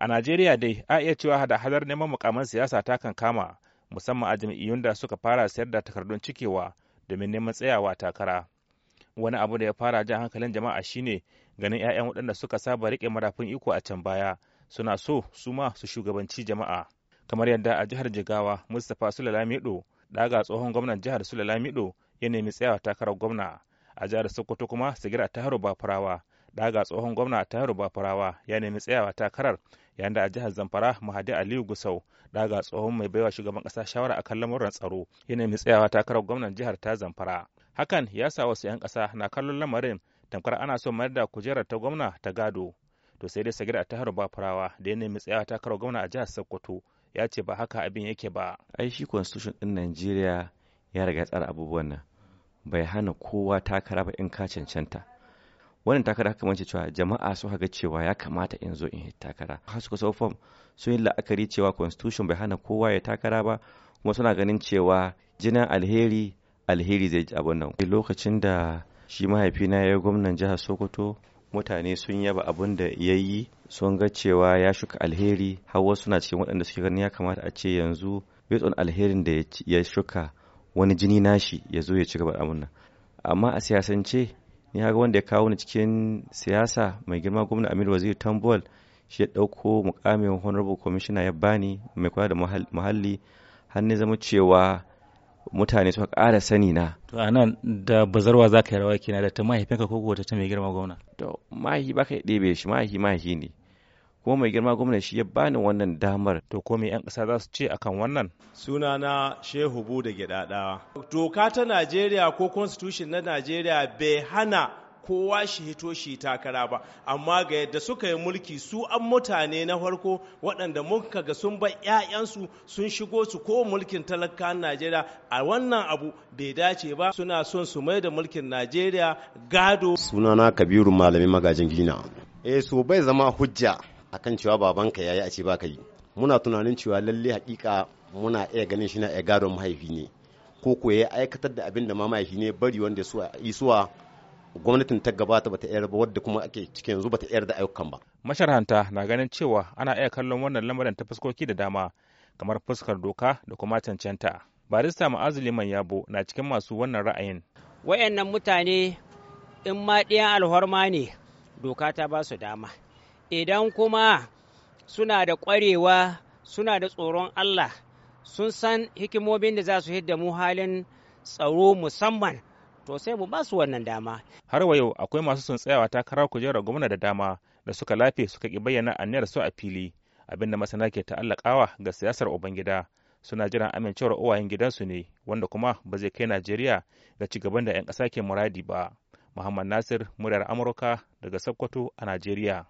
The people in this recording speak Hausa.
A Najeriya dai a iya cewa hada-hadar neman mukamin siyasa ta kan kama musamman a jam'iyyun da suka fara sayar da takardun cikewa domin neman tsayawa takara. Wani abu da ya fara jan hankalin jama'a shine ganin 'ya'yan waɗanda suka saba riƙe marafin iko a can baya suna so su ma su shugabanci jama'a. Kamar yadda a jihar Jigawa Mustapha Sulalamido daga tsohon gwamnan jihar Sulalamido ya nemi tsayawa takarar gwamna. A jihar Sokoto kuma Sigira Taharu Bafarawa daga tsohon gwamna Taharu Bafarawa ya nemi tsayawa takarar yayin da a jihar zamfara mahadi aliyu gusau daga tsohon mai baiwa shugaban kasa shawara a kan lamuran tsaro yana mai tsayawa takarar gwamnan jihar ta zamfara hakan ya sa wasu 'yan kasa na kallon lamarin tamkar ana so mayar da kujerar ta gwamna ta gado to sai dai sagir a tahar bafarawa da ya nemi tsayawa takarar gwamna a jihar sokoto ya ce ba haka abin yake ba ai shi constitution din najeriya ya riga tsara abubuwan nan bai hana kowa takara ba in ka cancanta wannan takara haka ce cewa jama'a suka ga cewa ya kamata in zo in takara har suka sau fom sun yi la'akari cewa constitution bai hana kowa ya takara ba kuma suna ganin cewa jinan alheri alheri zai ji abun nan lokacin da shi mahaifina ya yi gwamnan jihar sokoto mutane sun yaba abun da ya yi sun ga cewa ya shuka alheri har wasu suna cikin waɗanda suke ganin ya kamata a ce yanzu based on alherin da ya shuka wani jini nashi ya zo ya ci gaba da amma a siyasance ni haka wanda ya kawo ni cikin siyasa mai girma gwamna amir waziri tambuwal shi ya ɗauko mukamin honorable commissioner ya bani mai kula da muhalli har ne zama cewa mutane suka ƙara sani na. To a da bazarwa za ka yi rawa kina da ta mahaifinka ko ta mai girma gwamna? To mahi ba ka ɗebe shi mahi mahi ne. kuma mai girma gwamna shi ya bani wannan damar to ko me yan kasa za su ce akan wannan sunana shehu da gidada doka ta najeriya ko constitution na najeriya bai hana kowa shi hito shi takara ba amma ga yadda suka yi mulki su an mutane na farko waɗanda muka ga sun bar 'ya'yansu sun shigo su ko mulkin talakan najeriya a wannan abu bai dace ba suna son su mai da mulkin najeriya gado sunana kabiru malami magajin gina eh so bai zama hujja akan cewa babanka ya yi a ce baka yi muna tunanin cewa lalle hakika muna iya ganin shi na iya gadon mahaifi ne ko ko ya aikatar da abin da ma mahaifi ne bari wanda su isuwa gwamnatin ta gabata bata yarda wadda kuma ake cikin yanzu bata yarda ayyukan ba masharhanta na ganin cewa ana iya kallon wannan lamarin ta fuskoki da dama kamar fuskar doka da kuma cancanta barista ma'azu liman yabo na cikin masu wannan ra'ayin wayannan mutane in ma ɗiyan alhorma ne doka ta ba su dama idan kuma suna da ƙwarewa suna da tsoron Allah sun san hikimomin da za su hidda mu halin tsaro musamman to sai mu ba su wannan dama. Har wa yau akwai masu sun tsayawa takarar kujerar gwamna da dama da suka lafe suka ki bayyana aniyar su a fili abinda masana ke ta'allakawa ga siyasar Ubangida suna jiran amincewar uwayen gidansu ne wanda kuma ba zai kai Najeriya ga gaban da 'yan ƙasa ke muradi ba. Muhammad Nasir, muryar Amurka daga Sokoto a Najeriya.